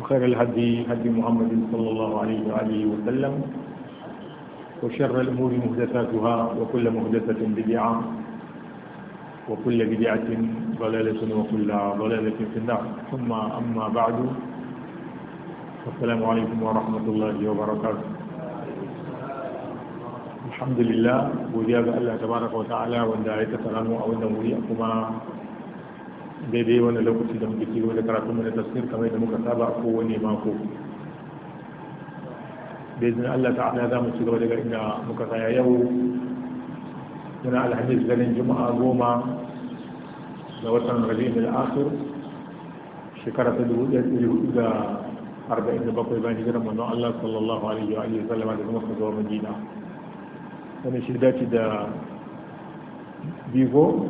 وخير الهدي هدي محمد صلى الله عليه وآله وسلم وشر الأمور مهدثاتها وكل مهدثة بدعة وكل بدعة ضلالة وكل ضلالة في النار ثم أما بعد السلام عليكم ورحمة الله وبركاته الحمد لله وجاب الله تبارك وتعالى وندعي ta'ala أو ya ta daidai wani lokaci da muke cigaba da karatu mana tafsir kamar da muka saba ko wani mako da izin Allah ta'ala za mu cigaba daga inda muka tsaya yau muna alhamis ganin juma'a goma ga watan rabi'in al-akhir shekara ta dubu ɗaya ɗari da arba'in bakwai bayan hijirar manzon Allah sallallahu alaihi wa alihi sallama da kuma zuwa Madina wani shi dace da bigo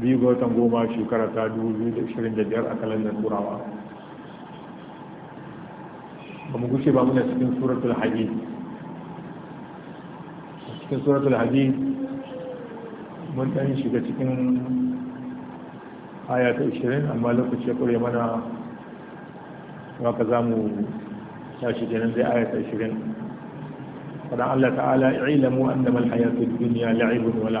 biyu ga watan goma shekara ta 2025 a kalandar turawa ba mu gushe ba muna cikin suratul a cikin suratul hadid mun ɗan shiga cikin aya ta 20 amma lokaci ya kure mana haka za mu tashi kenan zai aya ta 20 Allah ta'ala ilamu annama alhayatu dunya la'ibun wala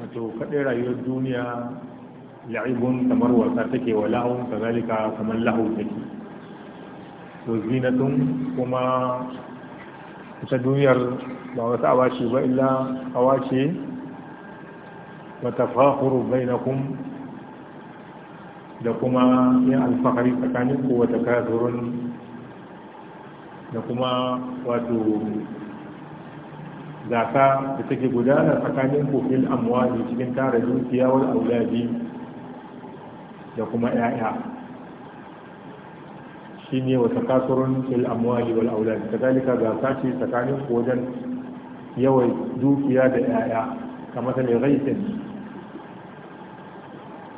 wato kaɗai rayuwar duniya la'ibun kamar wasa take wa lahun kazalika kamar lahun take to zinatun kuma ita duniyar ba wata awa ce ba illa awa ce wa tafahuru bainakum da kuma yin alfahari tsakanin ku wata kazurun da kuma wato gasa da take gudana tsakanin kofin amwali cikin tara dukiya wal auladi da kuma 'ya'ya shi ne wata kasurun fil amwali wal auladi gasa ce tsakanin kodan yawan dukiya da 'ya'ya kamar mai gaisin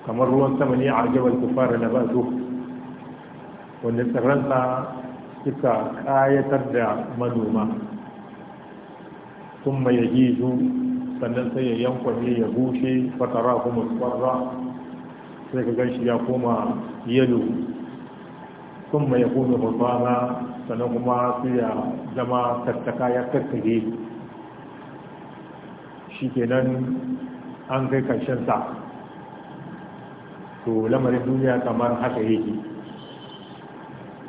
kamar ruwan sama ne a ajabar kufar na ba wanda tsirransa suka kayatar da manoma ثم يجيز sannan sai ya yankwane ya bushe fatara kuma tsarra sai ka ganshi ya koma yalo sun mai ya kome hulbana sannan kuma su ya zama tattaka ya tattake shi kenan an kai karshen sa to lamarin duniya kamar haka yake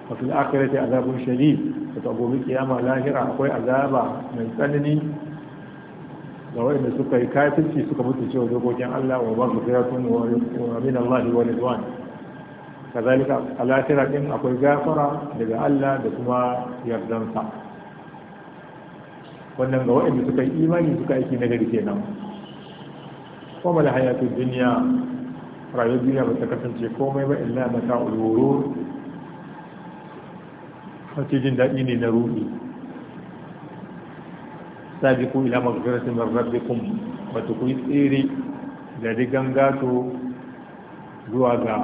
a fil akhirati azabun shadid da gobe kiyama lahira akwai azaba mai tsanani Ga waɗanda suka yi kafirci suka mutu cewa dokokin Allah wa ba su firatun wa min Allah wa ridwan kazalika alakira din akwai gafara daga Allah da kuma yardansa wannan ga waɗanda suka yi imani suka aiki na gari kenan kuma da hayatun duniya rayuwar duniya ba ta kasance komai ba illa mata ulwuru wace jin daɗi ne na ruhi sabiqu ila maghfiratin min rabbikum wato ku tsiri da gato zuwa ga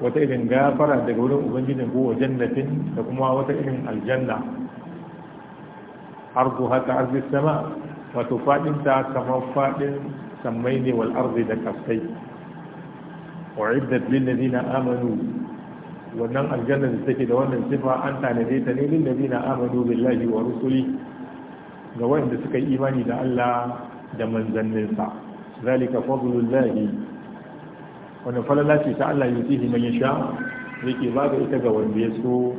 wata irin gafara daga wurin ubangijin ko jannatin da kuma wata irin aljanna arzu haka arzi sama wato fadin ta kamar fadin sammai ne wal arzi da kasai wa iddat lil ladina amanu wannan aljanna da take da wannan sifa an tanade ta ne lil ladina amanu billahi wa rusuli ga wanda suka yi imani da Allah da manzanninsa zalika fadlullahi wannan falala ce ta Allah yutihi man yasha yake ba da ita ga wanda ya so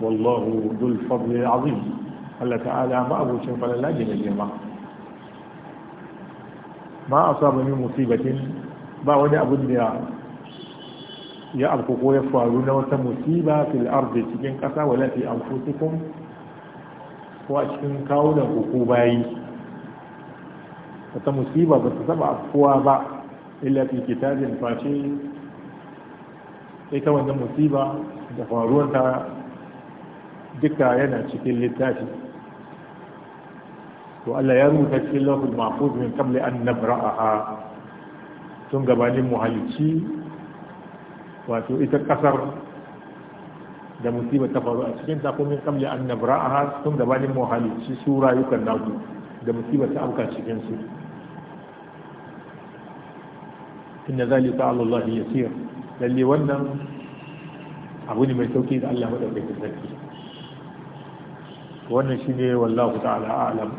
wallahu dhul fadli azim Allah ta'ala ma abucin falala ne da jama'a ma asaba min musibatin ba wani abu da ya abko ko ya faru na wata musiba fil ardi cikin kasa wala fi anfusikum ko a cikin kawunan ko bayi wata musiba ba ta taba afkuwa ba illa fi kitabin face ita wanda musiba da faruwanta duka yana cikin littafi to Allah ya rubuta cikin lafi mahfuz min qabli an aha. tun gabanin muhallici wato ita kasar da musibar ta faru a cikin ta kuma kamli an nabra'aha sun gabanin mu halicci su rayukan naku da musibar ta auka cikin su inna zalika ala Allah yasir lalle wannan abu ne mai sauki da Allah madaukakin sarki wannan shine wallahu ta'ala a'lam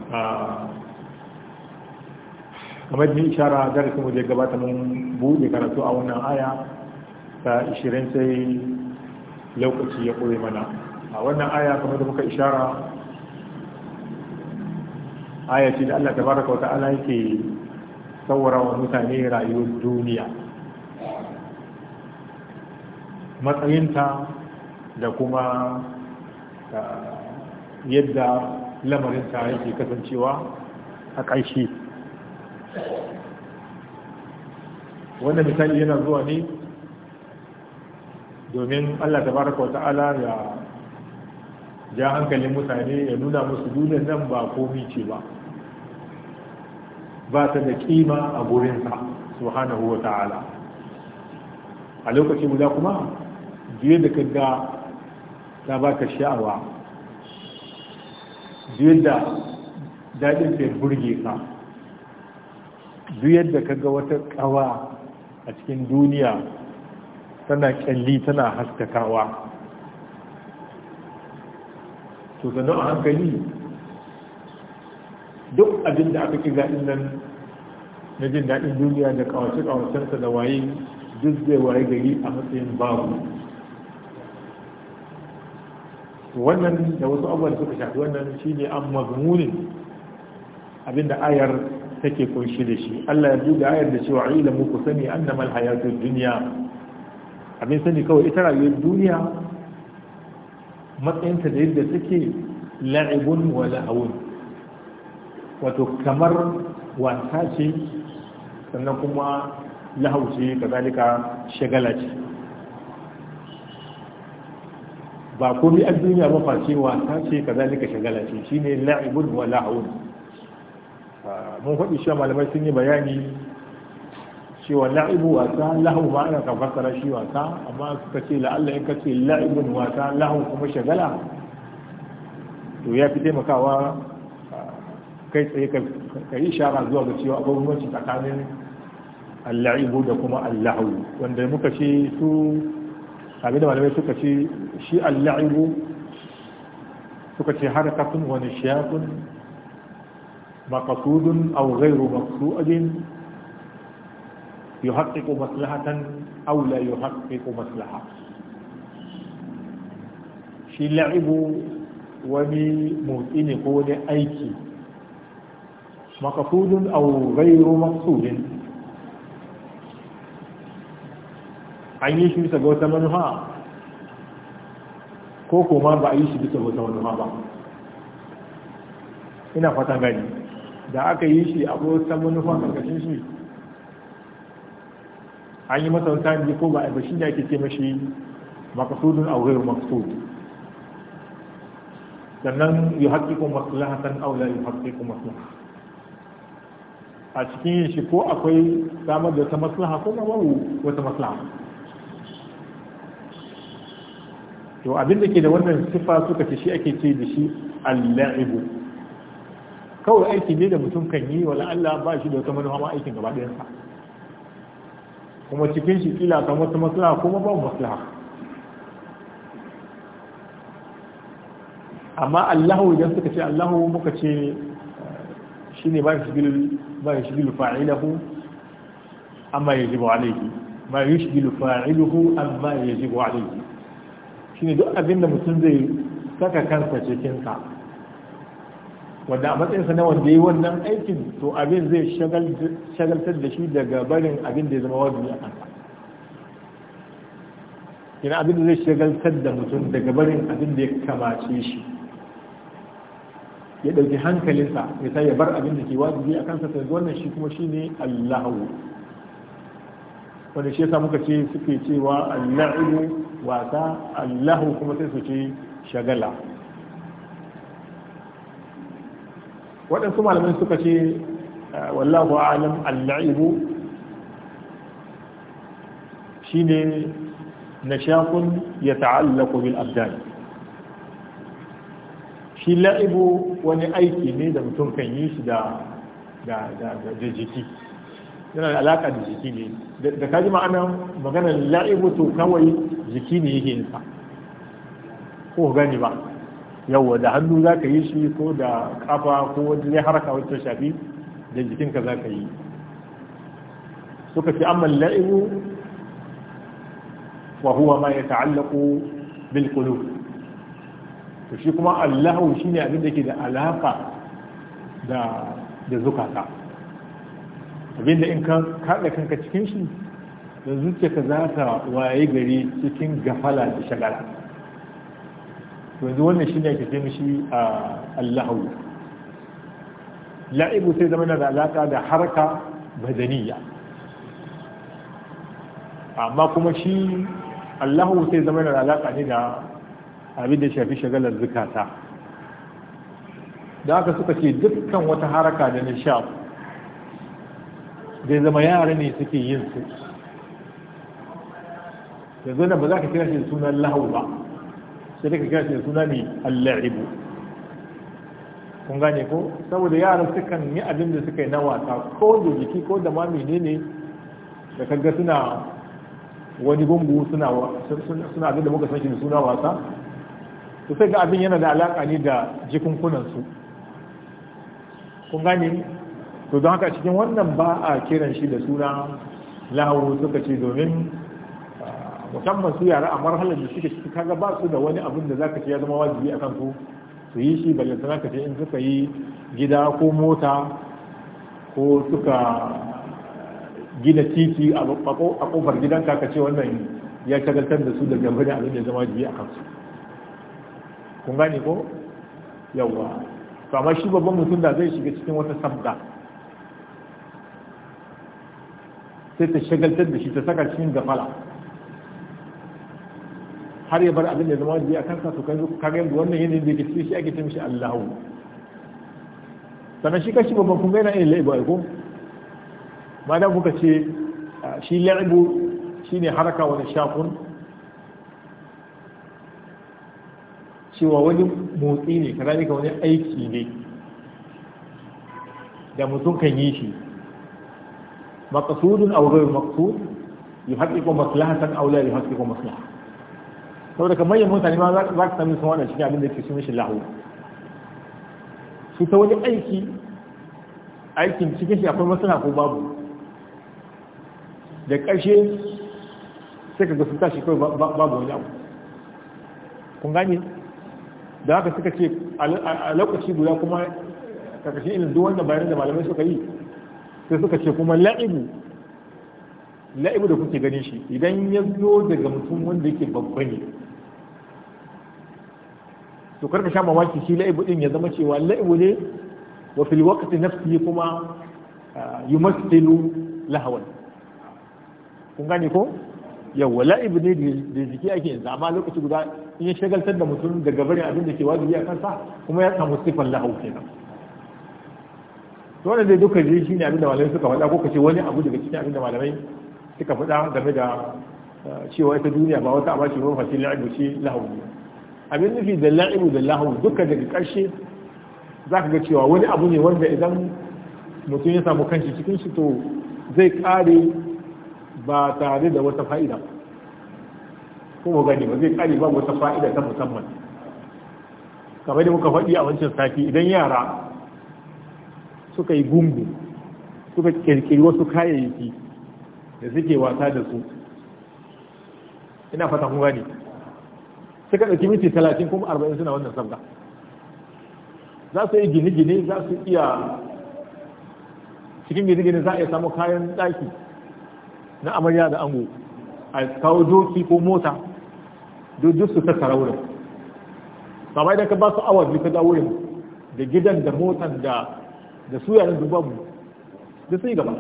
kamar ni ishara darasin mu da gabata mun buɗe karatu a wannan aya ta 20 sai lokaci ya ƙure mana a wannan aya kamar da muka ishara aya ce da Allah ta baraka wata ta'ala yake tsawara wa mutane rayuwar duniya matsayinta da kuma yadda lamarinta yake kasancewa a ƙarshe wannan misali yana zuwa ne domin Allah ta tabaraka wa ta'ala ya ja hankalin mutane ya nuna musu duniyar nan ba komi ce ba ba ta da kima a gurinsa subhanahu wa ta'ala a lokacin guda kuma biyar da kaga ta baka sha'awa Biyar da daɗin ta burge ka biye da kaga wata ƙawa a cikin duniya tana kyalli tana haskakawa to sanu a hankali duk abin da aka kiga din nan na jin daɗin duniya da kawace-kawacensa da waye duk zai waye gari a matsayin babu wannan da wasu abubuwan suka shafi wannan shi ne an mazmunin abinda ayar take kunshi da shi Allah ya buga ayar da cewa ailamu muku sani annamal hayatud duniya. abin sani kawai ita rayuwar duniya matsayinta da yadda suke la'ibun wa la'awun wato kamar wasa ce sannan kuma lahau ce kazalika shagala ce ba komi a duniya ba face wasa ce kazalika shagala ce shine la'ibun wa la'awun ah, mun faɗi shi malamai sun yi bayani cewa la'ibu wasa lahu ma ana kan fassara shi wasa amma suka ce la'alla in ka la'ibun wasa lahu kuma shagala to ya fi taimakawa kai tsaye ka yi shara zuwa ga cewa abubuwanci tsakanin alla'ibu da kuma allahu wanda muka ce su abin da malamai suka ce shi alla'ibu suka ce kafin wani shiyakun makasudun au gairu maksudin yuhaqqiqu maslahatan aw la yuhaqqiqu maslaha shi la'ibu wani motsi ne ko wani aiki makasudun aw ghayru maqsudin an yi shi bisa ga wata manufa ko kuma ba a yi shi ba ina da aka yi shi a ta manufa karkashin shi an yi masa tanadi ko ba a ba shine ake ce mashi makasudun a wuri makasud sannan yuhaqqiqu aula yi haƙi ko maslaha a cikin shi ko akwai samar da wata maslaha ko ma wata maslaha to abin da ke da wannan sifa suka ce shi ake ce da shi al-la'ibu kawai aiki ne da mutum kan yi wala Allah ba shi da wata manufa aikin gaba ɗayansa kuma cikin shi kila ka wata maslaha kuma ba maslaha amma allahu idan suka ce allahu muka ce shi eh, ne ba shi gilu fa'ilahu amma ya jibo alaiki ma yi shi gilu fa'iluhu amma ya jibo alaiki shi ne duk abinda mutum zai saka kansa cikinsa wanda a matsayinsa na wanda ya yi wannan aikin to abin zai shagaltar da shi daga barin abin da ya zama wajibi a kansa yana abin da zai shagaltar da mutum daga barin abin da ya kamace shi ya ɗauki hankalinsa ya sa ya bar abin da ke wajibi a kansa sai wannan shi kuma shine allahu wanda shi yasa muka ce suke cewa allahu wasa allahu kuma sai su ce shagala waɗansu malamai suka ce ah, wallahu alam al-la'ibu shine nashaqun yata'allaqu bil abdan shi la'ibu wani aiki ne da mutum kan yi shi da da jiki yana da alaka da jiki ne da kaji ma'ana maganar la'ibu to kawai jiki ne yake yin ko gani ba yawa da hannu za ka yi shi ko da kafa ko wajen ne haraka wacce shafi da jikinka za ka yi suka ce amma la'ibu wa huwa ma ya ta'allaku bil qulub shi kuma allahu shine abin da ke da alaka da da zukata abin in ka kaɗa kanka cikin shi da zuciyarka za ta waye gari cikin gafala da shagala yanzu wannan ne ake ce mishi a allahu la'ibu sai zama da alaka da harka badaniya amma kuma shi allahu sai zama da alaka ne da abin da shafi shagalar zukata da aka suka ce dukkan wata haraka da nishaɗi zai zama yara ne suke yin su yanzu da ba za ka kira shi sunan lahau ba sai daga kira shi suna ne alla'ibu kun gane ko saboda yaran sukan yi abin da suka yi na wasa ko da jiki ko da ma ne da kaga suna wani gungu suna abin da muka san da suna wasa su sai ga abin yana da alaƙa ne da jikunkunansu kun gane to don haka cikin wannan ba a kiran shi da suna lahoro suka ce domin musamman su yara a marhalar da suke ciki kaga ba su da wani abin da zaka ce ya zama wajibi akan ku su yi shi sana ka ce in suka yi gida ko mota ko suka gina titi a kofar gidan ka ce wannan ya shagaltar da su da gaba abin da zama wajibi akan su kun gane ko yawwa to amma shi babban mutum da zai shiga cikin wata sabga sai ta shagaltar da shi ta saka cikin gafala har ya bar abin da zama wajibi a kansa su kai ka ga yanzu wannan yanayin da yake cikin shi ake ce mishi Allahu sannan shi kashi babban kuma yana yin laibu aiko madan kuka ce shi laibu ne haraka wani shakun cewa wani motsi ne ka wani aiki ne da mutum kan yi shi maqsudun aw ghayr maqsud yuhaqqiqu maslahatan aw la yuhaqqiqu maslahatan saboda kamar yin mutane ma za ka sami sun wannan cikin abin da ke su mishi lahu su ta wani aiki aikin cikin shi akwai masana ko babu da ƙarshe sai ka gasu tashi kawai babu wani abu kun gane da haka suka ce a lokaci guda kuma karkashin ilin duk wanda bayanan da malamai suka yi sai suka ce kuma la'ibu la'ibu da kuke ganin shi idan ya zo daga mutum wanda yake babba ne to karka sha mamaki shi la'ibu din ya zama cewa la'ibu ne wa fil waqti nafsi kuma yumathilu lahawan kun gane ko yawa la'ibu ne da jiki ake yanzu amma lokaci guda in ya shagaltar da mutum daga barin abin da ke wajibi a kansa kuma ya samu sifan lahau kenan to wannan dai duka ji shine abin da malamai suka faɗa ko kace wani abu daga cikin abin da malamai suka faɗa game da cewa ita duniya ba wata abaci ba fasil la'ibu ce lahau ne abin nufi da la'ibu da lahu duka daga karshe za ka ga cewa wani abu ne wanda idan mutum ya samu kanshi cikin shi to zai ƙare ba tare da wata fa'ida kuma gani ba zai ƙare ba wata fa'ida ta musamman kamar da muka faɗi a wancan sati idan yara suka yi gungu suka kirkiri wasu kayayyaki da suke wasa da su ina fata kun gani suka ɗauki minti talatin kuma arba'in suna wannan sabga za su yi gine-gine za su iya cikin gine-gine za a iya samu kayan ɗaki na amarya da ango a kawo doki ko mota duk su tattara wurin ba idan ka ba su awa biyu ka dawo wurin da gidan da motan da da su yaran dubabu duk sun yi gaba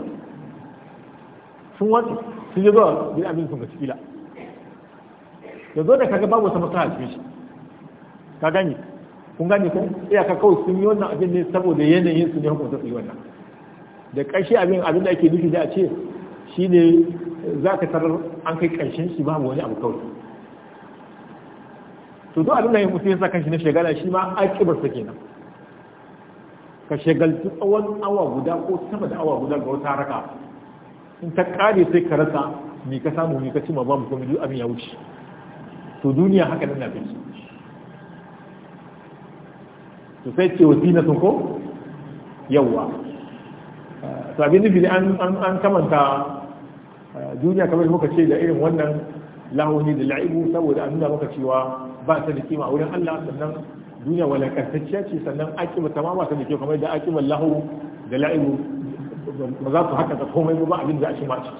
sun wata sun yi zuwa gidan abin sun ga cikila zo da kaga babu wata a cikin shi ka gani kun gani ko iyaka kawai sun yi wannan abin ne saboda yanayin su ne hukunta su yi wannan da ƙarshe abin abin da ake nufi da a ce shi ne za ka tarar an kai ƙarshen shi babu wani abu kawai to duk abin da ya mutu ya sa kanshi na shagala shi ma aƙibar sa kenan ka shagalci tsawon awa guda ko sama da awa guda ga wata haraka in ta ƙare sai ka rasa ni ka samu ni ka ci ma ba mu kuma duk abin ya wuce to duniya haka nan su to sai ce na sun ko yawwa to abin nufi ne an kamanta eh, duniya kamar muka ce da irin wannan lahoni da la'ibu saboda an nuna maka cewa ba ta da kima a wurin Allah sannan duniya walakantacciya ce sannan akiba ta ma ba ta da kyau kamar da akibar lahu da la'ibu ba za su haka ta komai ba abin da a shi ma ce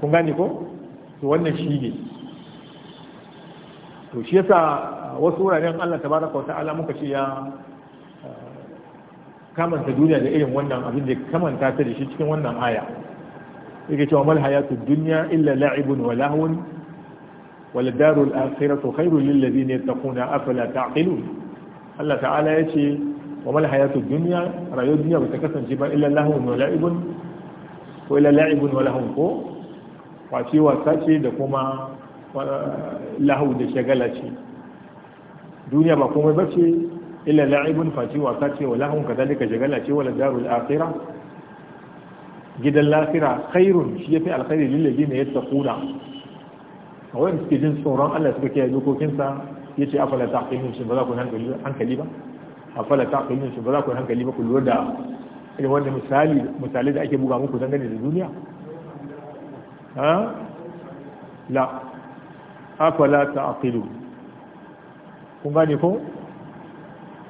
kun gane ko to wannan shi ne to shi yasa wasu wuraren Allah tabaraka wata'ala muka ce ya eh, kamanta duniya da irin wannan abin da kamanta ta da shi cikin wannan aya yake cewa mal hayatud dunya illa la'ibun wa lahwun wal darul akhiratu khairul lil ladina yattaquna afala ta'qilun Allah ta'ala yace wa mal hayatud dunya rayuwar duniya ba ta kasance ba illa lahwun wa la'ibun ko illa la'ibun wa lahwun ko Wace wasa ce da kuma lahu da shagala ce duniya ba komai ba ce illa la'ibun faci wasa ce wa lahun ka shagala ce wala darul akhirah gidan lafira khairun shi ya yafi alkhairi lil ladina A wanda suke jin tsoron Allah suka kiyaye dokokinsa ya yace afala taqilun shi ba za ku hankali hankali ba afala taqilun shi ba za ku hankali ba ku lura da irin wanda misali misali da ake buga muku dangane da duniya la afala ta'qilu kun gane ko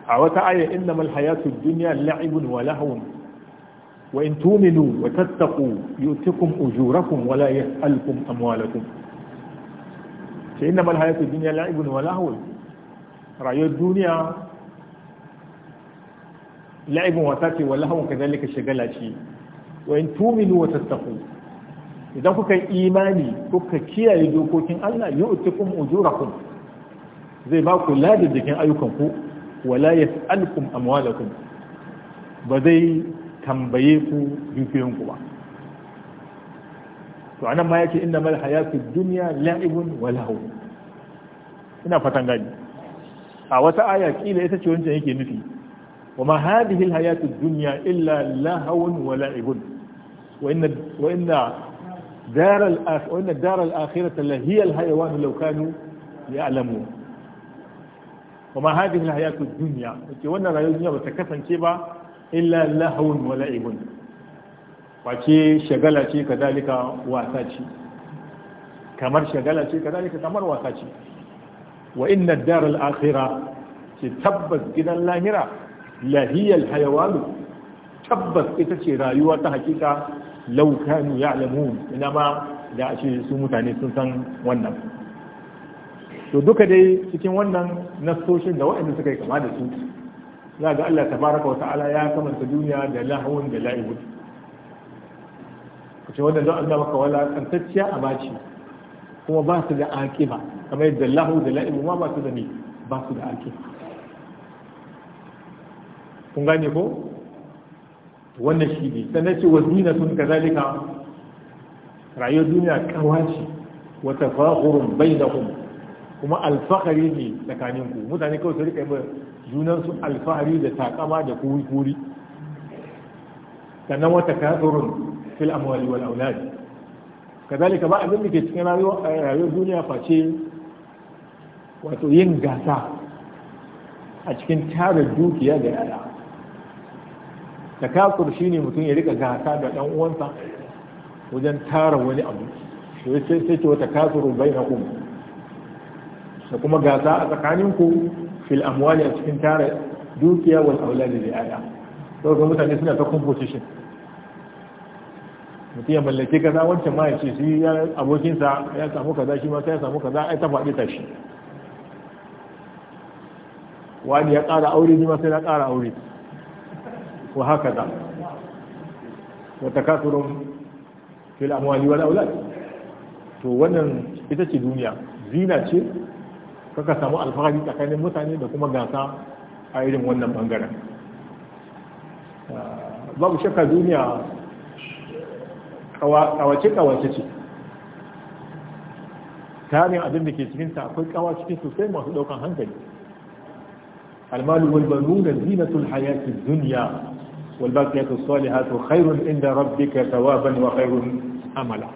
a wata aya innamal hayatud dunya la'ibun wa lahwun wa in tu'minu wa tattaqu yu'tikum ujurakum wa la yas'alukum amwalakum sai innamal hayatud dunya la'ibun wa lahwun rayuwar duniya la'ibun wata ce wa lahwun kadalika shagala ce wa in tu'minu wa tattaqu idan kuka yi imani kuka kiyaye dokokin Allah ujura ujurakum zai ba ku ladin jikin ayyukanku wala yas'alukum amwalakum ba zai tambaye ku dukiyoyinku ba to anan ma yake inna mal hayatu dunya la'ibun wa lahu ina fatan gani a wata aya kila ita ce wancan yake nufi wa ma hadhihi al hayatu dunya illa lahawun wa wa دار الآخرة وإن الدار الآخرة هي الحيوان لو كانوا يعلمون وما هذه الحياة الدنيا وإن الحياة الدنيا بتكفن كيبا إلا لهو ولعب وكي شغلة كذلك واساتي kamar shagala ce kazalika kamar wasa ce wa inna daral akhira ce tabbas gidan lahira lahiyal hayawalu tabbas ita ce rayuwa ta hakika law ya ya'lamun ina ma da ashe su mutane sun san wannan to duka dai cikin wannan nasoshin da waɗanda suka yi kama da su za ga Allah tabaraka wa ta'ala ya kamanta duniya da lahawun da la'ibun kace wannan don Allah maka wala kantacciya baci kuma ba su da akiba kamar yadda lahu da la'ibu ma ba su da ne ba su da akiba kun gane ko wannan shi ne sannan ce wazina sun ka zalika rayuwar duniya kawaci wata fahurun bai da kuma kuma alfahari ne tsakaninku mutane kawai su rika yi su alfahari da takama da kuri-kuri sannan wata kasurun fil amwali wal aulad kazalika ba abin da ke cikin rayuwar duniya face wato yin gasa a cikin tara dukiya da yara. takasur ne mutum ya rika gasa da ɗan uwansa wajen tara wani abu sai sai ce wata kasuru bainakum da kuma gasa a tsakaninku fil amwali a cikin tara dukiya wal auladi da yaya to ga mutane suna ta competition mutum ya mallake kaza wancan ma ya ce shi ya abokinsa ya samu kaza shi ma sai ya samu kaza ai ta faɗi ta shi wani ya ƙara aure ni ma sai na ƙara aure وهكذا وتكاثر في الأموال والأولاد to wannan ita ce duniya zina ce kaka samu alfahari tsakanin mutane da kuma gasa a irin wannan bangaren ah, babu shakka duniya kawace-kawace ce tarin abin da ke cikinta akwai kawa cikin sosai masu daukan hankali almalu wal da zinatul hayati duniya والباقيات الصالحات خير عند ربك ثوابا وخير املا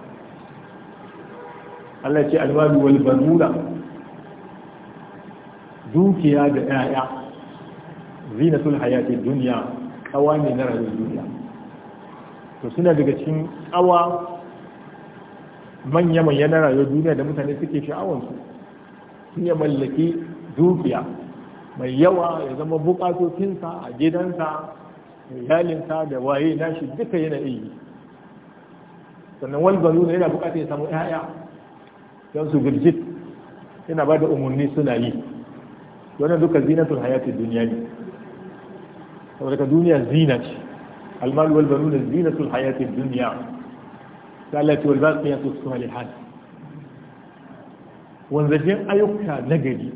Allah ce alwali wal dukiya da 'ya'ya zinatul hayati duniya kawa na rayuwar duniya to suna daga cikin kawa manya manya na rayuwar duniya da mutane suke sha'awansu sun ya mallaki dukiya mai yawa ya zama bukatocinsa a gidansa iyalinsa da waye nashi duka yana iya sannan wani gano yana bukatar ya samu 'ya'ya don su girgit yana ba da umarni suna yi wannan duka zinatul hayatun duniya ne saboda ka duniya zina ce almalu wal banuna zinatul hayati duniya salati wal baqiyatu wan wanzajin ayyuka nagari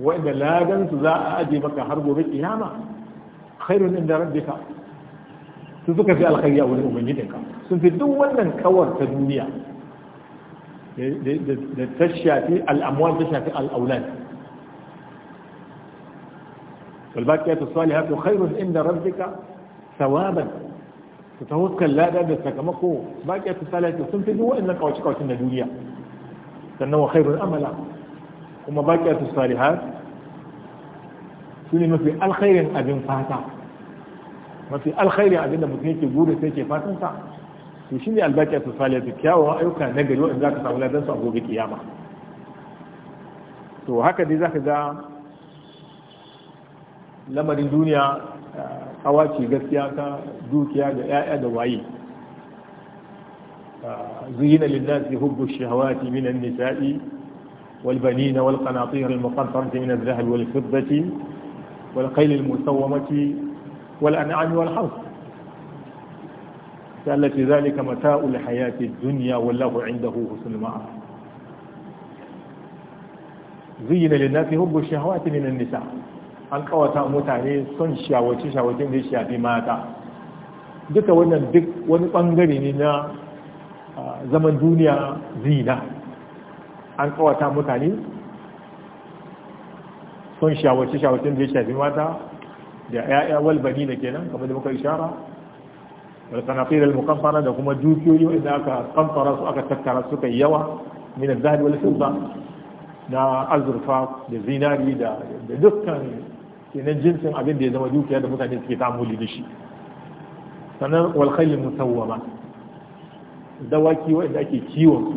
wanda gan su za a aje maka har gobe kiyama خير عند ربك تذكر في الخير أول أمنيتك ثم في الدول من كور في الدنيا لتشيا في الأموال تشيا في الأولاد والباكيات الصالحة خير عند ربك ثوابا تتوسك لا ده بس كمكو باقي تسالة ثم في دو إن قوتش قوتش الدنيا لأنه خير الأمل وما باقي الصالحات shine mafi alkhairin abin fata mafi alkhairin abin da mutum yake gure sai ke fatan sa to shine albaki su sale su kyawawan ayyuka na gari wanda zaka samu ladan su a gobe kiyama to haka dai zaka ga lamarin duniya kawaci gaskiya ta dukiya da 'ya'ya da waye زين للناس حب الشهوات من النساء والبنين والقناطير المقنطرة من الذهب والفضة والخيل المسومة والأنعام والحرث التي ذلك متاع الحياة الدنيا والله عنده حسن المعاد زين للناس حب الشهوات من النساء an kawata mutane son shawace-shawacen da ya shafi mata duka wannan duk wani bangare ne na zaman duniya zina an kawata mutane son shawarce-shawarcen da ya shafi mata da ya'ya walbani da kenan kamar da muka ishara da sanafir al-mukaffara da kuma dukiyoyi wanda aka kamfara su aka tattara suka yi yawa min al-zahab wal fidda na azurfa da zinari da dukkan kenan jinsin abin da ya zama dukiya da mutane suke ta'amuli da shi sannan wal khayl musawwama dawaki wanda ake kiwon su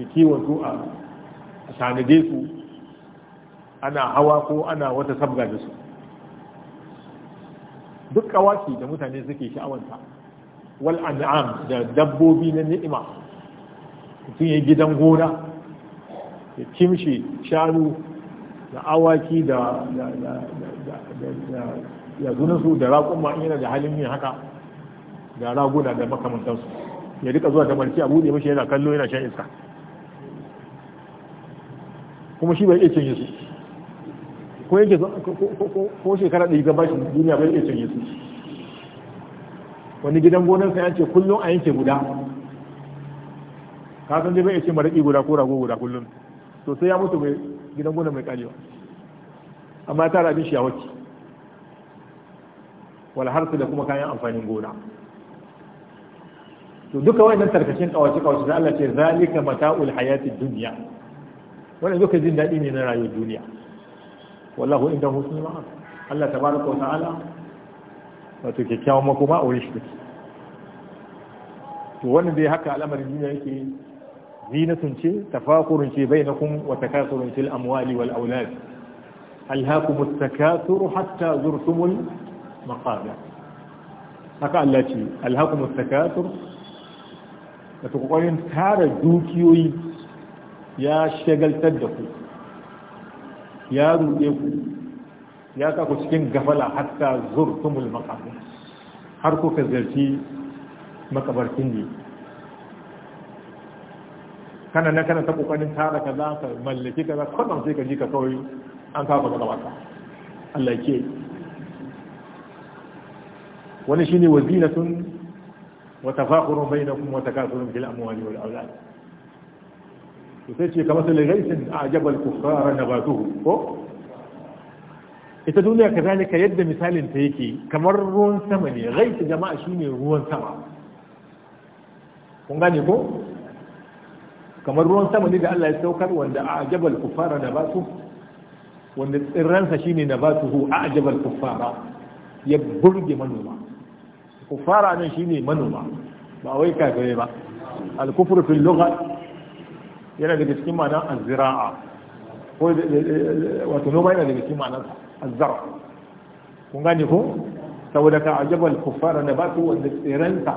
ke kiwon su a tanade su ana hawa ko ana wata sabga da su duk kawaki da mutane suke sha'awanta wal an'am da dabbobi na ni'ima mutum yi gidan gona da kimshi shanu da awaki da ya su da raƙon in yana da halin yin haka da raguna da makamantansu ya duka zuwa tamarki a buɗe mashi yana kallo yana shan iska kuma shi bai iya cin su ko yake ko shekara da ga bashi duniya bai iya canye su wani gidan gonar sai an ce kullum a yanke guda ka san dai bai iya ce maraƙi guda ko rago guda kullum to sai ya mutu mai gidan gonar mai karewa amma ya tara shi a wacce wala harsu da kuma kayan amfanin gona to duka wannan tarkacin kawace kawace da Allah ce zalika mata'ul hayatid dunya wannan duka jin daɗi ne na rayuwar duniya wallahu inda husnul ma Allah tabaraka wa ta'ala wato kyakkyawan makoma a wurin shi take to wannan dai haka al'amarin duniya yake zinatun ce tafakurun ce bainakum wa takasurun fil amwali wal aulad alhaakum at-takathur hatta zurtumul maqabir haka Allah ce alhaakum at-takathur wato kokarin tara dukiyoyi ya shagaltar da ku ya ruɗe ku ya sa ku cikin gafala hatta zurtumul maqabir har ka zarci makabartin ne kana na kana ta kokarin tara kaza ka mallaki kaza kwatsam sai ka ji ka kawai an kafa gaba gabata Allah ke wani shine wazinatun wa tafakhurun bainakum wa takathurun fil amwali wal aulad to sai ce kama sai gaisin a jabal kufara na batu ko ita duniya ka zalika yadda misalin ta yake kamar ruwan sama ne gaisu jama'a shine ruwan sama kun gane ko kamar ruwan sama ne da Allah ya saukar wanda a jabal kufara na batu wanda tsirransa shine na batuhu a jabal kufara ya burge manoma kufara nan shine manoma ba wai kafirai ba al-kufru fil lugha yana daga cikin ma'anar azira'a ko eh, eh, eh, wato noma yana daga cikin ma'anar azara kun gane ko saboda ka ajabal kuffara na ba su wanda tsiranta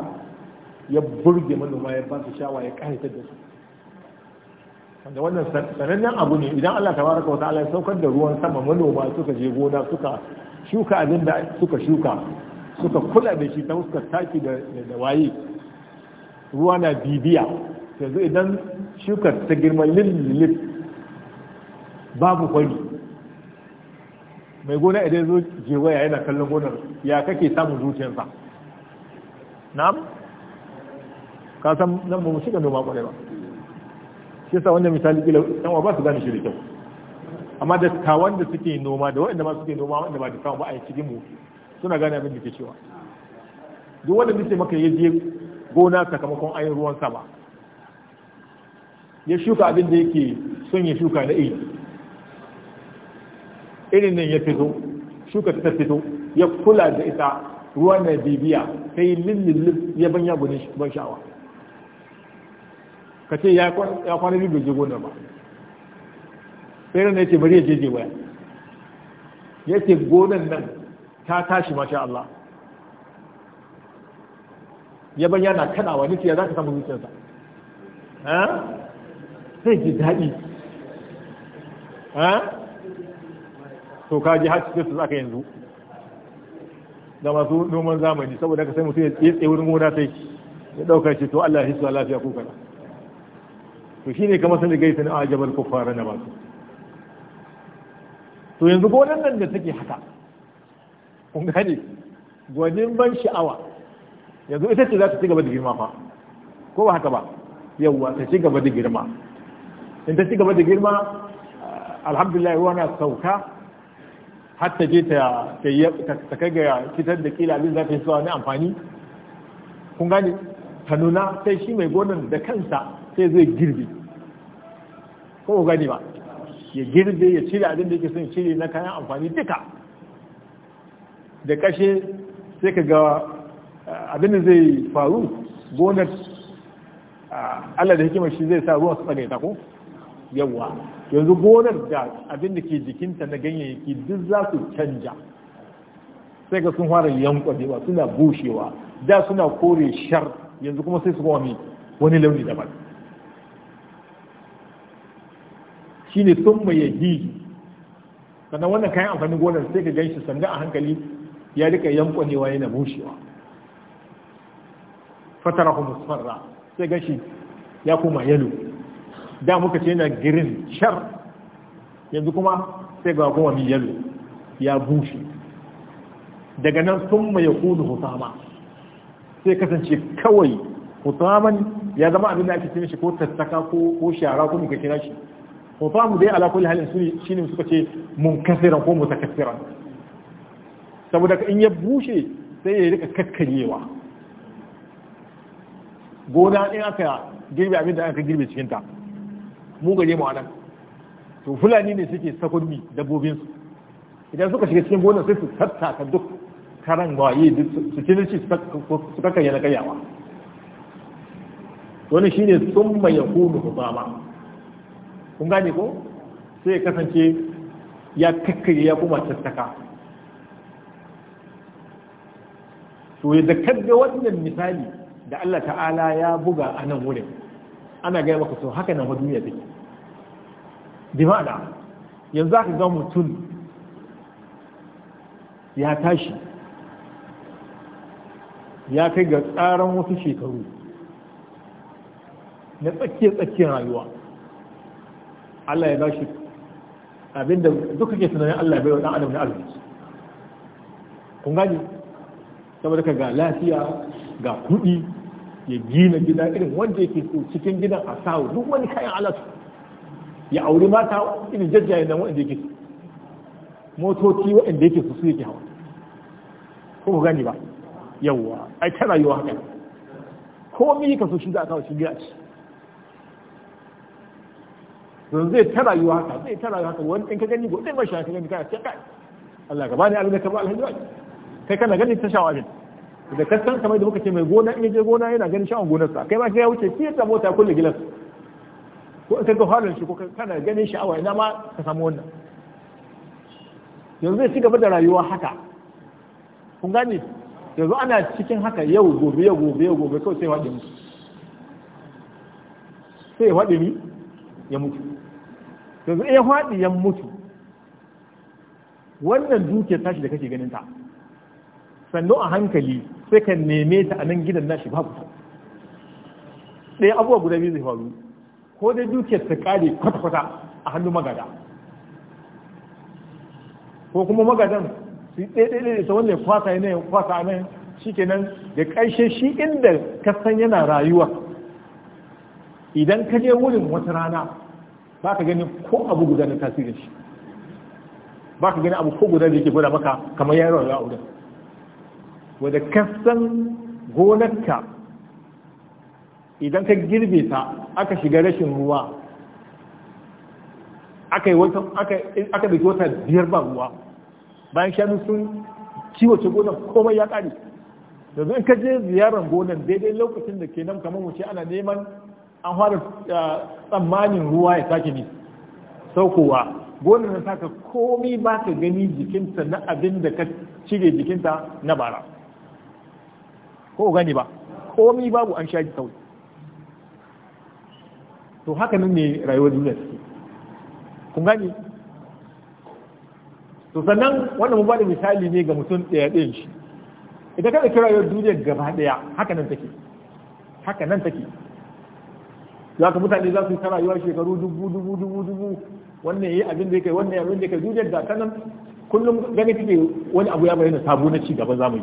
ya burge manoma ya ba su shawa ya kayatar da su wanda wannan sanannen abu ne idan Allah tabaraka wata ta'ala ya saukar da ruwan sama manoma suka je gona suka shuka abin da suka shuka suka kula da shi ta huskar taki da waye ruwa na bibiya yanzu idan shukar ta girma lillilif babu kwari mai gona idan zo gewaya yana kallon gonar ya kake samun zuciyarsa na'am ka san nan ba mu shiga noma kwarai ba shi yasa wannan misali kila dan ba su gane shi da kyau amma da ta wanda suke noma da waɗanda ma suke noma waɗanda ba da tawan ba a cikin mu suna gane abin da ke cewa duk wanda mutum maka yaje gona sakamakon ayin ruwan sama ya shuka abin da yake son ya shuka na iri irin nan ya fito shuka ta fito ya kula da ita ruwa na bibiya yi lillillin ya banya gudun ban sha'awa ka ce ya kwana biyu bai je gonar ba sai ran ya ce bari ya je waya ya ce gonar nan ta tashi masha Allah ya banya na kanawa nufi ya za ka samu zuciyarsa eh? zai ji daɗi to ka ji har su aka yanzu da masu noman zamani saboda ka sai mutum ya tsaye wurin gona sai ya ɗaukar shi to Allah ya hisu lafiya ko kana to shine kamar sun gaisa na ko kuffara na masu to yanzu gonan nan da take haka kun gane gwanin ban sha'awa yanzu ita ce za ta ci gaba da girma fa ko ba haka ba yawwa ta ci gaba da girma in ta ci gaba da girma alhamdulillah ruwa na sauka har ta je ta kai ga kitar da kila abin za ta yi suwa na amfani kun gane ta nuna sai shi mai gonan da kansa sai zai girbi ko gani ba ya girbe ya cire abin da yake son cire na kayan amfani duka da kashe sai ka ga eh, abin da zai faru gonar eh, Allah da hikimar shi zai sa ruwan su tsare ta ko yawa yanzu gonar da abinda ke jikinta na ganyayyaki duk za su canja sai ga sun fara yankwadewa suna bushewa da suna kore shar yanzu kuma sai su kuma wani launi daban shi ne sun mai yahi sannan wannan kayan amfani gonar sai ka gan shi sanda a hankali ya rika yankwanewa yana bushewa fatara musfarra sai gashi shi ya koma yalo da muka ce yana girin shar yanzu kuma sai ga kuma mai yalo ya bushe daga nan sun mai kudu hutama sai kasance kawai hutaman ya zama abin da ake cin shi ko tattaka ko shara ko muka kira shi hutamu dai ala kulli halin shi shine suka ce mun munkasiran ko mutakassiran saboda in ya bushe sai ya rika kakkaryewa gona in aka girbe abin da aka girbe cikinta mu gaje mu anan to fulani ne suke sakon dabbobin su idan suka shiga cikin gonar sai su tattaka duk karan waye duk su ci shi su kakkanya na karyawa wani shine summa yahudu hutama kun gane ko sai ya kasance ya kakkare ya kuma tattaka to da wannan misali da Allah ta'ala ya buga a nan wurin ana gaya maka so haka nan duniya take bi ma'ana yanzu aka ga mutum ya tashi ya kai ga tsaron wasu shekaru na tsakiyar tsakiyar rayuwa Allah ya bashi abinda duka ke tunanin Allah bai wa adam na arziki kun gani saboda ka ga lafiya ga kuɗi ya gina gida irin wanda yake so cikin gidan a sawo duk wani kayan alatu ya auri mata irin jajjaye nan wanda yake so motoci wanda yake so su yake hawa ko gani ba yawwa ai ta rayuwa haka mi ka so shi za a kawo shi gida don zai ta rayuwa haka zai ta rayuwa haka wani in ka gani ko mashi ka gani kana ce kai Allah ka bani abin ka ba kai kana ganin ta da kasan kamar da muka ce mai gona in je gona yana ganin sha'an gonarsa kai ma sai ya wuce fiye da mota kulle gilas ko in ka halin shi ko kana ganin sha'awa ina ma ka samu wannan yanzu zai gaba da rayuwa haka kun gane yanzu ana cikin haka yau gobe yau gobe yau gobe kawai sai waɗe mutu sai ya waɗe ni ya mutu yanzu ya waɗe ya mutu wannan dukiyar tashi da kake ganin ta sannu a hankali sai ka neme ta a nan gidan nashi ba ta ɗaya abubuwa guda biyu zai faru ko dai dukiyar ta kare kwata-kwata a hannu magada ko kuma magadan su ɗaya ta wanda ya kwasa yana ya kwasa nan shikenan da ƙarshe shi inda ka san yana rayuwa idan ka je wurin wata rana ba ka gani ko abu guda na tasirin shi ba ka gani abu ko guda da yake gwada maka kamar ya yi rayuwa wadda kasan gonarka idan ka girbe ta aka shiga rashin ruwa aka yi wata aka wata biyar ba ruwa bayan shanu sun kiwace gonar komai ya kare yanzu in ka je ziyarar gonar daidai lokacin da ke nan kamar wuce ana neman an fara tsammanin ruwa ya sake ne saukowa gonar na saka komai ba ka gani jikinta na abin da ka cire jikinta na bara ko gani ba komi babu an shaji sau to haka nan ne rayuwar duniya suke kun gani to sannan wannan mu bada misali ne ga mutum ɗaya ɗayan shi ita kada kira rayuwar duniya gaba ɗaya haka nan take haka nan take za ka mutane za su yi ta rayuwa shekaru dubu dubu dubu dubu wannan yayi abin da kai wannan abin da kai duniyar da ta nan kullum ganin kike wani abu ya bayyana sabo na ci gaban zamani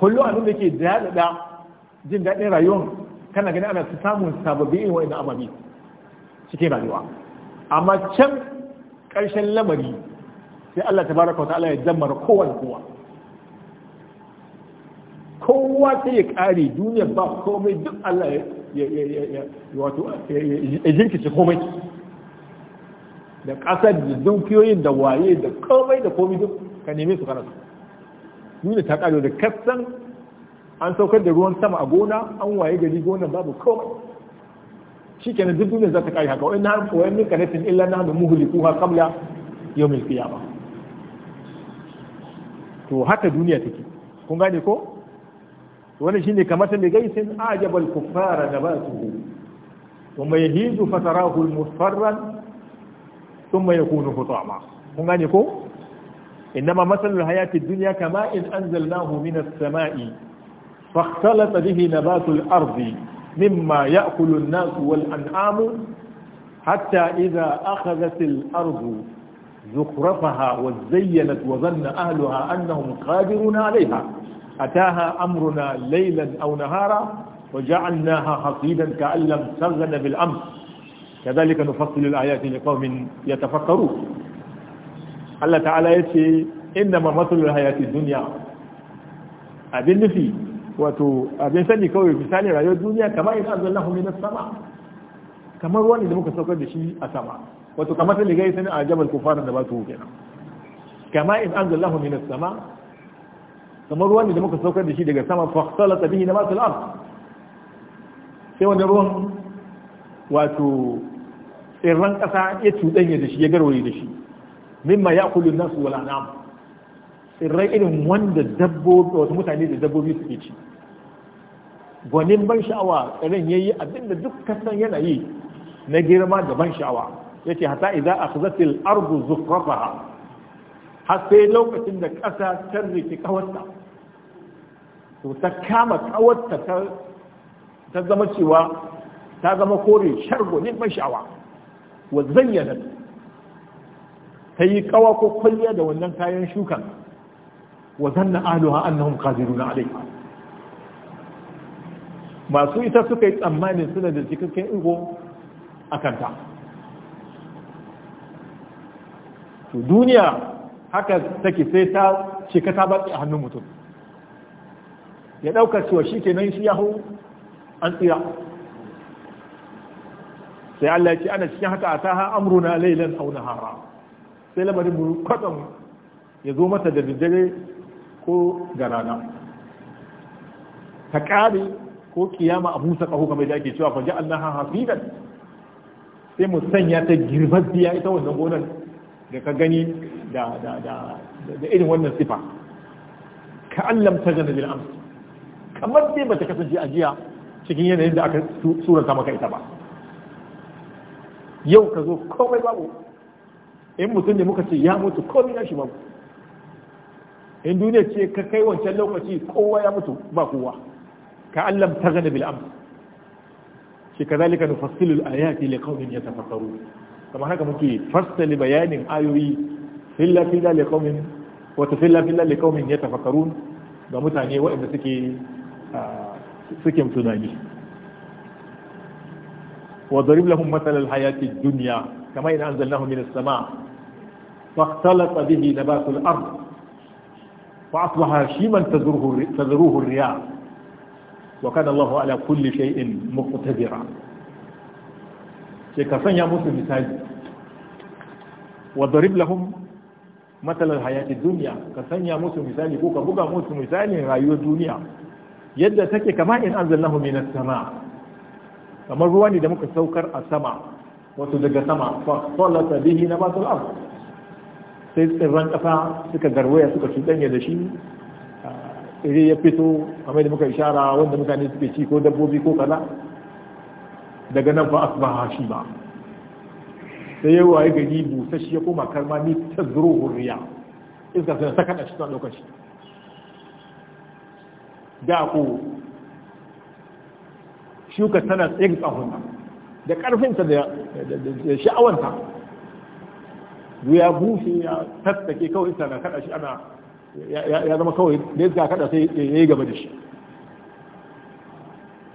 kullum abin da ke daɗaɗa jin daɗin rayuwar kana gani ana samun sababbin irin wa'in ababi cikin rayuwa amma can ƙarshen lamari sai Allah ta baraka wa ta'ala ya zammar kowane kowa kowa sai ya ƙare duniyar ba komai duk Allah ya wato komai da ƙasar da dunkiyoyin da waye da komai da komai duk ka neme su kanasu nuna ta kalo da kasan an saukar da ruwan sama a gona an waye gari gonan babu komai shi kenan duk duniya za ta kare haka wani har wa'in min kanatin illa na hannu kamla yau mai kiyama to haka duniya take kun gane ko wani shine kamar ta gai sun ajabal kuffara nabatuhu thumma yahidu fatarahu musfarran thumma yakunu hutama kun gane ko إنما مثل الحياة الدنيا كما إن أنزلناه من السماء فاختلط به نبات الأرض مما يأكل الناس والأنعام حتى إذا أخذت الأرض زخرفها وزينت وظن أهلها أنهم قادرون عليها أتاها أمرنا ليلا أو نهارا وجعلناها حصيدا كأن لم تغن بالأمر كذلك نفصل الآيات لقوم يتفكرون Allah ta'ala ya ce inda ma matsalar hayati duniya abin nufi wato abin sani kawai misali rayuwar duniya kamar ina zan lahu min sama kamar wani da muka saukar da shi a sama wato kamar sai gai sani a jabal kufara da ba su kenan kama in anzal lahu min sama kamar wani da muka saukar da shi daga sama fa khsalata bihi nabatul ard sai wani ruwan wato tsirran ƙasa ya cuɗanya da shi ya garwaye da shi mimma ya'kulu an-nasu wala na'am tsirrai irin wanda dabbobi wasu mutane da dabbobi ke ci gwanin ban sha'awa ya yayi abinda duk kasan yana yi na girma da ban sha'awa yace a su zafi ardu zukhrafaha har sai lokacin da ƙasa ta rike kawarta to ta kama kawarta ta zama cewa ta zama kore shargo ne ban sha'awa wa zayyana ta yi kawa ko kwalliya da wannan kayan shukan wa zanna ahluha annahum qadiruna alayhi masu ita suka yi tsammani suna da cikakken ingo a kanta to duniya haka take sai ta cika ta batsi a hannun mutum ya ɗauka cewa shi ke nan shi yahu an tsira sai Allah ya ce ana cikin haka a taha amruna lailan aw nahara sai lamarin buru kwatsam ya zo mata da daddare ko ga rana ta ƙare ko kiyama a busa ƙaho kamar da ake cewa faji Allah ha hafidan sai mu sanya ta biya ita wannan gonar da ka gani da irin wannan sifa ka allam ta gana bil amsa kamar sai bata kasance a jiya cikin yanayin da aka surata maka ita ba yau ka zo komai babu in mutum ne muka ce ya mutu komai ya shi ba in duniya ce ka kai wancan lokaci kowa ya mutu ba kowa ka allam ta gane bil amsa shi ka zalika nufassilu ayati li qaumin yatafakkaru kamar haka muke fassali bayanin ayoyi filla filla li qaumin wa tafilla filla ya qaumin ga mutane waɗanda suke suke tunani wa darib lahum matal al hayati dunya kama ina anzalnahu min as-sama' fahtalata bihi nabatul ard fa asbaha shiman tazruhu tazruhu ar-riyah wa kana Allahu ala kulli shay'in muqtadira sai ka sanya musu misali wa darib lahum matsalar hayati duniya ka sanya musu misali ko ka buga musu misalin rayuwar duniya yadda take kama in an minas sama kamar ruwa ne da muka saukar a sama wato daga sama fa sallata bihi na batul ard sai tsirran kasa suka garwaya suka cuɗanya da shi ah, iri ya fito kamar da muka ishara wanda mutane suke ci ko dabbobi ko kaza daga nan fa asbaha shi ba sai ya waye gari busashi ya koma karma ni ta riya iska suna saka da shi a lokaci da ku shuka tana tsaye tsahun da ƙarfinta da sha'awanta ya bushe ya tattake kawai na kada shi ana ya zama kawai da ya kada sai ya yi gaba da shi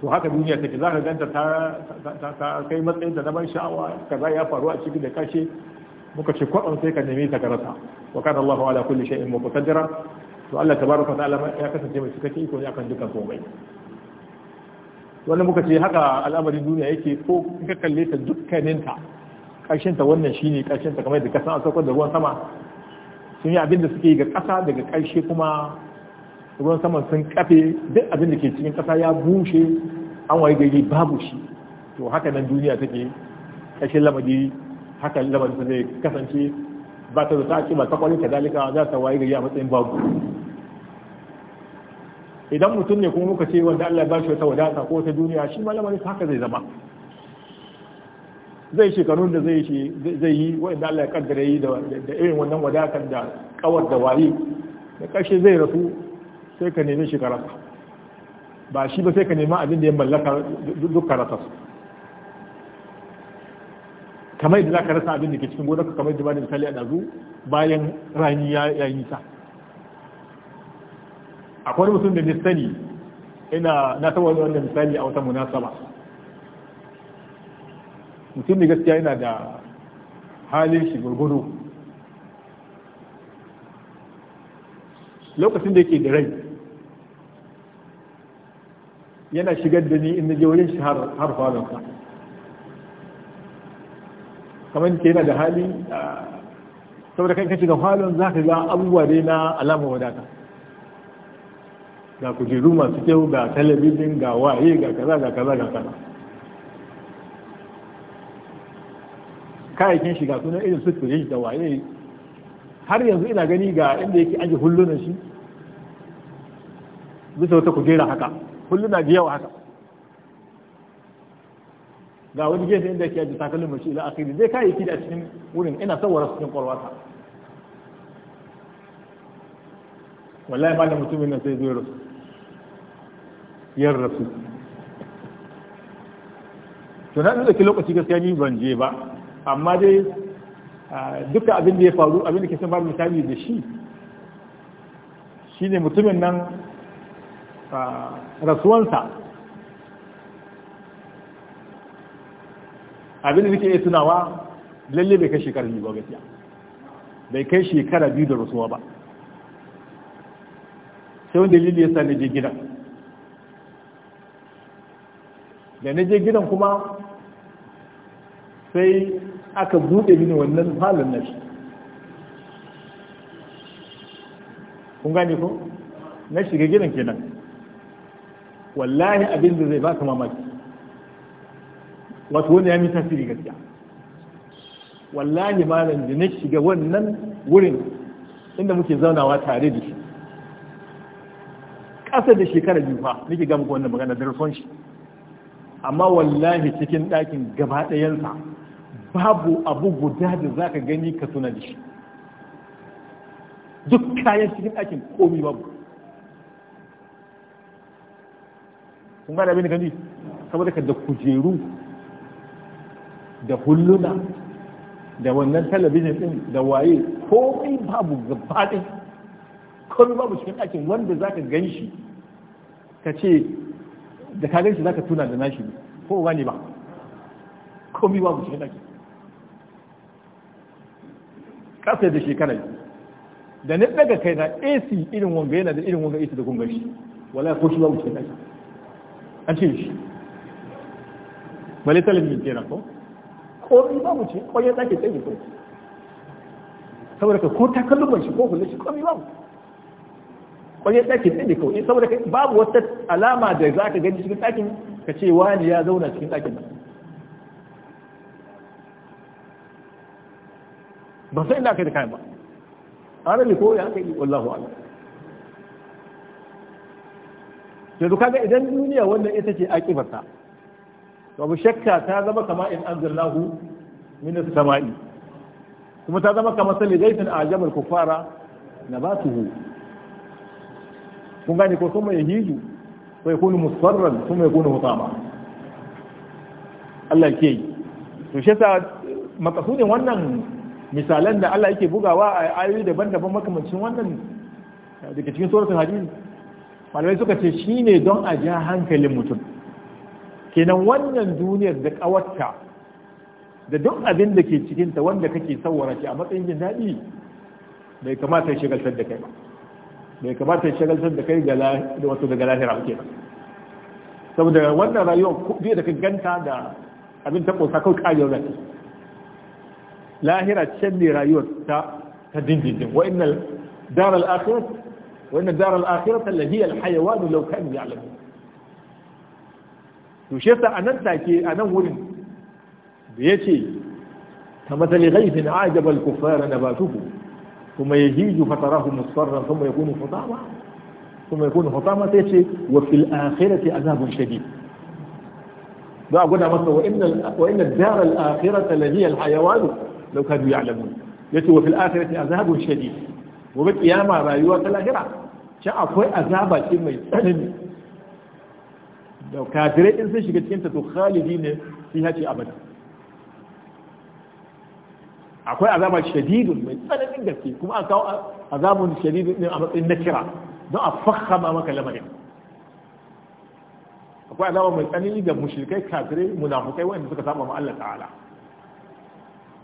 to haka duniya take za ka ganta ta kai matsayin da na ban sha'awa kaza ya faru a cikin da kashe muka ce kwaɗon sai ka neme ta karata wa kada Allah ala kulli shay'in muqtadira to Allah tabaraka ta'ala ya kasance mai cikakken iko ne akan dukkan komai wannan muka ce haka al'amarin duniya yake ko ka kalle ta dukkaninta ta wannan shine ta kamar da kasan an saukar da ruwan sama sun yi abin da suke yi ga ƙasa daga ƙarshe kuma ruwan saman sun kafe duk abin da ke cikin ƙasa ya bushe an waye gari babu shi to haka nan duniya take ƙarshen lamari haka lamadi zai kasance ba ta da ta ba ta kwalin kadalika za ta waye gari a matsayin babu idan mutum ne kuma muka ce wanda Allah ya bashi wata wadata ko ta duniya shi lamarin haka zai zama zai shekarun da zai shi zai yi wanda Allah ya kaddara yi da irin wannan wadatar da kawar da waye da karshe zai rasu sai ka nemi shekararsa ba shi ba sai ka nemi abin da ya mallaka dukkan rasa kamar yadda za ka rasa abin da ke cikin gonarka kamar yadda ba da misali a dazu bayan rani ya yi nisa akwai mutum da nisani ina na wani wanda misali a wata munasaba mutum da gaskiya yana da halin shi gurguru lokacin da yake da rai yana shigar da ni in na je wurin shi har falonsa kamar ke yana da hali ah, saboda kan ka shiga falon za ka ga abubuwa dai na alamar wadata ga kujeru masu kyau ga talabijin ga waye ga kaza ga kaza ga kaza kayayyakin shiga suna irin su fridge da waye har yanzu ina gani ga inda yake aje hullunan shi bisa wata kujera haka hulluna da yawa haka ga wani gefe inda yake aje takalin mace ila akiri zai kayayyaki da cikin wurin ina sawara cikin kwarwata wallahi malam mutumin nan sai zai rasu Yan rasu to na ɗauki lokaci gaskiya ni ban je ba amma dai duka abin da ya faru abin da ke san babu misali da shi shine mutumin nan rasuwansa abin da nake iya tunawa lalle bai kai shekara biyu ba gaskiya bai kai shekara biyu da rasuwa ba sai wanda lili ya sa je gidan da na je gidan kuma sai aka buɗe mini wannan halin na shi kun gane ko na shiga gidan kenan wallahi abin da zai baka mamaki wato wanda ya mi tasiri gaskiya wallahi malam da na shiga wannan wurin inda muke zaunawa tare da shi ƙasa da shekara biyu fa nake gama wannan magana da rufon shi amma wallahi cikin ɗakin gaba babu abu guda da za ka gani ka tuna da shi duk kayan cikin ɗakin komi babu sun gada abin da gani saboda ka da kujeru da hulluna da wannan talabijin ɗin da waye komai babu gabaɗe komi babu cikin ɗakin wanda za ka gan shi ka ce da ka gan shi zaka tuna da nashi ne ko uba ne ba komi ba mu shi nake kasa da shekara da ni daga kai na AC irin wanga yana da irin wanga AC da gungashi wallahi ko shi ba mu shi nake an ce shi lamin talibin na ko komi ba mu ce ya zake tsaye ko saboda ko ta kallon shi ko kullu shi komi ba mu kwaye ɗakin ɗin ne kawai saboda babu wata alama da za ka gani cikin ɗakin ka ce wani ya zauna cikin ɗakin nan ba sai inda aka yi da kayan ba arabi ko ya aka yi wallahu ala yanzu kaga idan duniya wannan ita ce akibarta babu shakka ta zama kama in anzalnahu min as-sama'i kuma ta zama kama sali zaitin ajabal kufara nabatuhu kun gane ko sun mai hiju ko ya musarran sun mai kunu hutama Allah ke yi to shi sa makasudin wannan misalan da Allah yake bugawa a ayoyi daban-daban makamancin wannan eh, daga cikin suratul hadid malamai suka ce shine don a ja hankalin mutum kenan wannan duniyar da kawarta da duk abin da ke cikinta wanda kake sawara shi a matsayin jin daɗi bai kamata ya shigaltar da kai ba bai kamata ya shagaltar da kai da wasu daga lahira ba kenan saboda wannan rayuwar kuɗi da ka ganta da abin ta ƙosa kawai ƙariyar da ke lahira can ne rayuwar ta ta dindindin wa inna dar al-akhirat wa inna dar al-akhirat allahi al-hayawan law kanu ya'lamu to shi yasa anan take nan wurin da ce? ta matsali ghaithin ajaba al na nabatuhu ثم يهيج فتراه مصفرا ثم يكون حطاما ثم يكون حطاما تيجي وفي الآخرة عذاب شديد لا أقول مثلا وإن وإن الدار الآخرة لهي الحيوان لو كانوا يعلمون يتي وفي الآخرة عذاب شديد وبالقيامة رايوة الآخرة شاء akwai azaba ce mai لو كادرين kafirai in sun shiga cikinta to akwai azaba shadidun mai tsananin gaske kuma an kawo azabun shadidun din a matsayin na kira don a fahama maka lamarin akwai azaba mai tsanani ga mushrikai kafirai munafukai wanda suka saba ma Allah ta'ala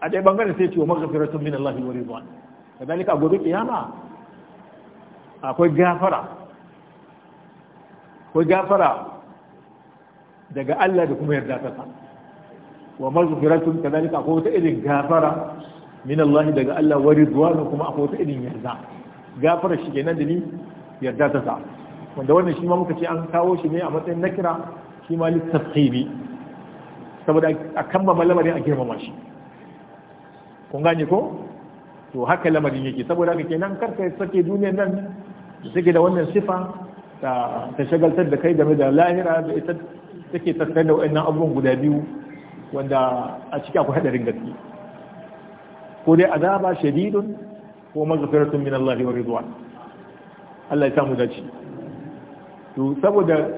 a dai bangaren sai ciwo wa maghfiratun min Allah wa ridwan kadalika gobe kiyama akwai gafara akwai gafara daga Allah da kuma yarda ta wa mazfiratun kadhalika akwai wata irin gafara min Allah daga Allah wa ridwanu kuma akwai wata irin yarda gafara shi kenan da ni yarda ta sa wanda wannan shi ma muka ce an kawo shi ne a matsayin nakira shi ma tasqibi saboda a kammama lamarin a girmama shi kun gane ko to haka lamarin yake saboda haka kenan karka sake duniyar nan da take da wannan sifa ta shagaltar da kai game da lahira da ita take tattalin da wa'annan abubuwan guda biyu wanda a ciki akwai hadarin gaske ko dai azaba shadidun ko maghfiratun min Allah wa ridwan Allah ya samu dace to saboda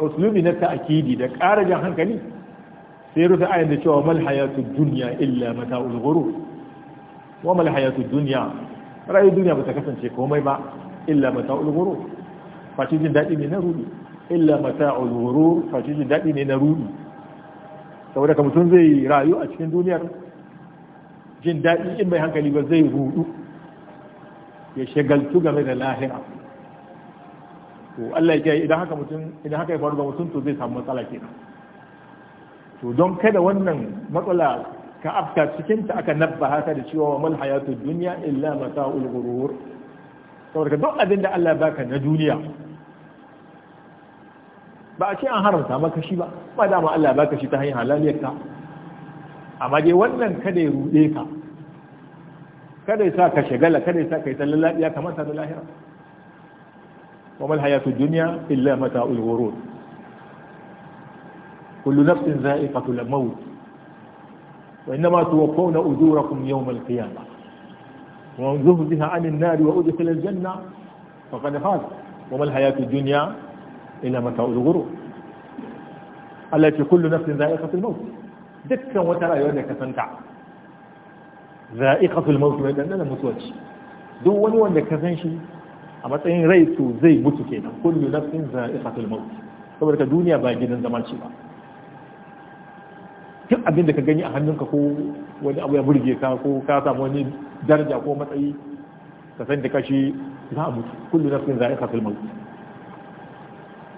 uslubi na ta'kidi da ƙara jan hankali sai rufe ayan da cewa mal hayatud dunya illa mata'ul ghurur wa mal hayatud dunya rayu duniya ba ta kasance komai ba illa mata'ul ghurur fashi jin dadi ne na rudi illa mata'ul ghurur fashi jin dadi ne na rudi saboda ka mutum zai rayu a cikin duniyar jin daɗi in bai hankali ba zai hudu ya shagaltu game da lahira to Allah ya idan mutum idan haka ya faru ga mutum to zai samu matsala kenan to don kada wannan matsala ka afka cikin ta aka nabba haka da cewa mal hayatu dunya illa mata'ul ghurur saboda duk abin da Allah baka na duniya ba a ce an haramta maka shi ba ba dama Allah baka shi ta hanyar halaliyar ka amma dai wannan kada ya rude ka kada ya sa ka shagala kada ya sa ka yi ta lalabiya kamar ta da lahira wa mal hayatu dunya illa mata'ul ghurur kullu nafsin za'iqatul maut wa innama tuwaffawna ujurakum yawm al-qiyamah wa man zuhziha 'anil nar wa udkhila janna faqad faz wa mal hayatu dunya illa mata'ul ghurur Allah ce kullu nafsin za'iqatul maut dukkan wata rayuwa da ka santa za'iqatul maut mai dandana mutuwa ce duk wani wanda ka san shi a matsayin rai to zai mutu kenan kullu nafsin za'iqatul maut saboda ka duniya ba gidan zama ce ba duk abin da ka gani a hannunka ko wani abu ya burge ka ko ka samu wani daraja ko matsayi ka san da kashi za a mutu kullu nafsin za'iqatul maut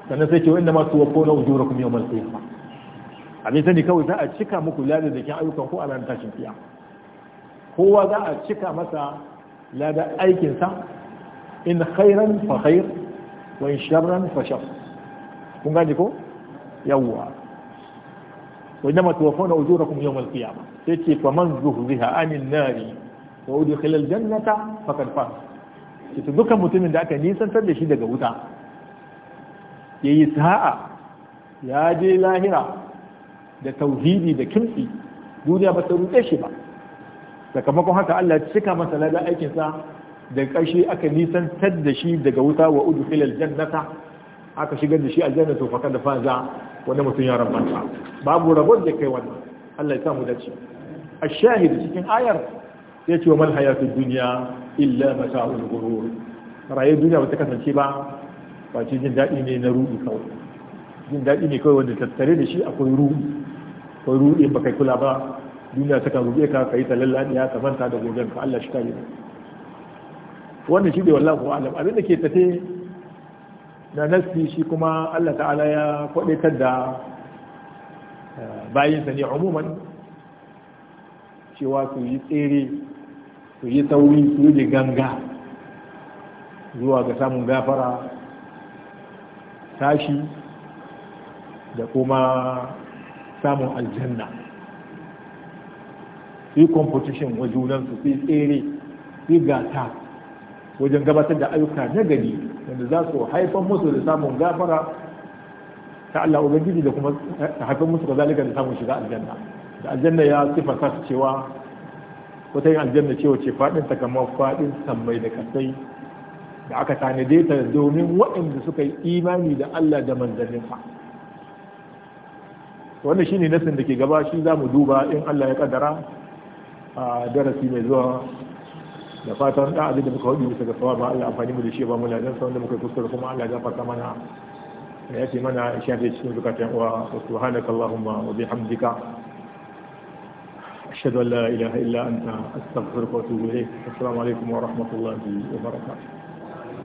sannan sai ce wa inda ma su wako na ujura kuma ba. A bai sani kawai za a cika muku lada da kin ayyukan ko a tashin kiyama kowa za a cika masa lada aikinsa in khairan fa khair wa in sharran fa shar kun gane ko yawwa wa inna ma tuwaffawna ujurakum yawm al-qiyamah sai ce fa man zuhriha anin nari wa udkhila al-jannata faqad faz ce dukkan mutumin da aka nisantar da shi daga wuta ya yi sa'a ya je lahira da tauhidi da kimsi duniya ba ta rute shi ba sakamakon haka Allah cika masa lada aikinsa da ƙarshe aka nisantar da shi daga wuta wa udu filal jannata aka shigar da shi aljanna to fakar da faza wanda mutum ya ba babu rabon da kai wannan Allah ya samu dace a cikin ayar ya ce wa mal hayatud dunya illa mata'ul ghurur raye duniya ba ta kasance ba ba ce jin daɗi ne na ruɗi kawai jin daɗi ne kawai wanda tattare da shi akwai ruɗi akwai ruɗi ba kai kula ba duniya ta kan ruɗe ka ka yi talallaɗiya ka manta da gogen ka Allah shi kare wannan shi ne wallahu alam abin da ke tafe na nasi shi kuma Allah ta'ala ya kwaɗaitar da eh, bayinsa ne umuman cewa su yi tsere su yi sauri su yi ganga zuwa ga samun gafara tashi da kuma samun aljanna su yi competition wa junansu su yi tsere su gata wajen gabatar da ayyuka na gani wanda za su haifar musu da samun gafara ta Allah Ubangiji da kuma haifan musu ga zalika da samun shiga aljanna da aljanna ya sifarta su cewa wata yin aljanna cewa ce faɗin ta kamar faɗin sammai da kasai da aka tanade ta domin waɗanda suka yi imani da Allah da manzanninsa wannan shine nasin da ke gaba shi za mu duba in Allah ya kaddara a darasi mai zuwa da fatan da abin da muka hudu bisa ga sawaba Allah amfani mu da shi ba mu ladan sa wanda muka kuskura kuma Allah ya gafarta mana ya yace mana in sha cikin zakatan uwa subhanaka allahumma wa bihamdika ashhadu an la ilaha illa anta astaghfiruka wa atubu ilayk assalamu alaikum wa rahmatullahi wa barakatuh